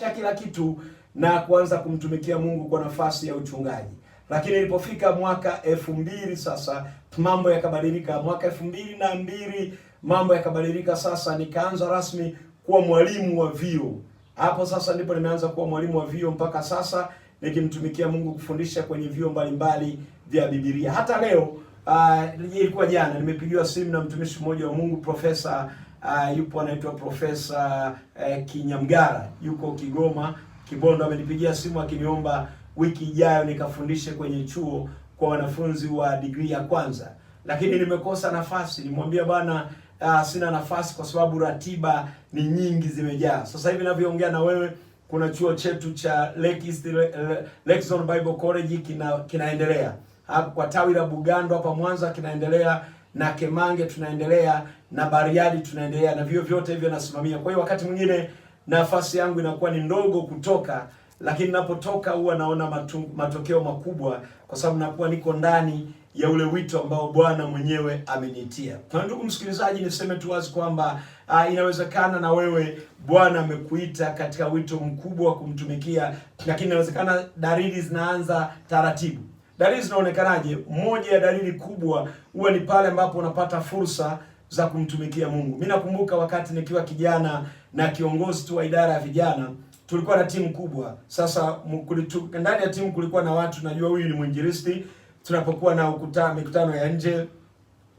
cha kila kitu na kuanza kumtumikia Mungu kwa nafasi ya uchungaji. Lakini ilipofika mwaka elfu mbili sasa mambo yakabadilika. Mwaka elfu mbili na mbili mambo yakabadilika. Sasa nikaanza rasmi kuwa mwalimu wa vyuo. Hapo sasa ndipo nimeanza kuwa mwalimu wa vyuo mpaka sasa nikimtumikia Mungu kufundisha kwenye vyuo mbalimbali vya Biblia. Hata leo uh, ilikuwa jana nimepigiwa simu na mtumishi mmoja wa Mungu Profesa uh, yupo anaitwa Profesa uh, Kinyamgara yuko Kigoma Kibondo, amenipigia simu akiniomba wiki ijayo nikafundishe kwenye chuo kwa wanafunzi wa digrii ya kwanza, lakini nimekosa nafasi. Nimwambia bana uh, ah, sina nafasi kwa sababu ratiba ni nyingi, zimejaa. Sasa hivi ninavyoongea na wewe kuna chuo chetu cha Lake East Bible College kina, kinaendelea hapo kwa tawi la Bugando hapa Mwanza kinaendelea na Kemange tunaendelea na Bariadi tunaendelea na vio vyote hivyo nasimamia. Kwa hiyo wakati mwingine nafasi yangu inakuwa ni ndogo kutoka, lakini napotoka huwa naona matu, matokeo makubwa, kwa sababu nakuwa niko ndani ya ule wito ambao Bwana mwenyewe amenitia. Na ndugu msikilizaji, niseme tu wazi kwamba uh, inawezekana na wewe Bwana amekuita katika wito mkubwa wa kumtumikia, lakini inawezekana dalili zinaanza taratibu Dalili zinaonekanaje? Moja ya dalili kubwa huwa ni pale ambapo unapata fursa za kumtumikia Mungu. Mimi nakumbuka wakati nikiwa kijana na kiongozi tu wa idara ya vijana, tulikuwa na timu kubwa. Sasa ndani ya timu kulikuwa na watu, najua huyu ni mwinjilisti, tunapokuwa na ukuta mikutano ya nje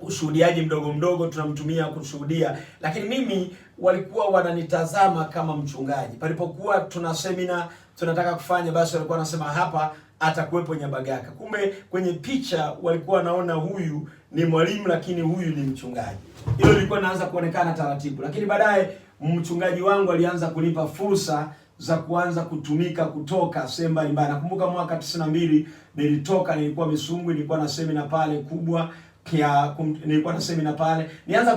ushuhudiaji mdogo mdogo tunamtumia kushuhudia, lakini mimi walikuwa wananitazama kama mchungaji. Palipokuwa tuna semina tunataka kufanya, basi walikuwa wanasema hapa atakuwepo Nyabagaka. Kumbe kwenye picha walikuwa wanaona huyu ni mwalimu, lakini huyu ni mchungaji. Hilo lilikuwa naanza kuonekana taratibu, lakini baadaye mchungaji wangu alianza kunipa fursa za kuanza kutumika kutoka sehemu mbalimbali. Nakumbuka mwaka 92 nilitoka, nilikuwa Misungwi, nilikuwa na semina pale kubwa kia kum, nilikuwa na semina pale nianza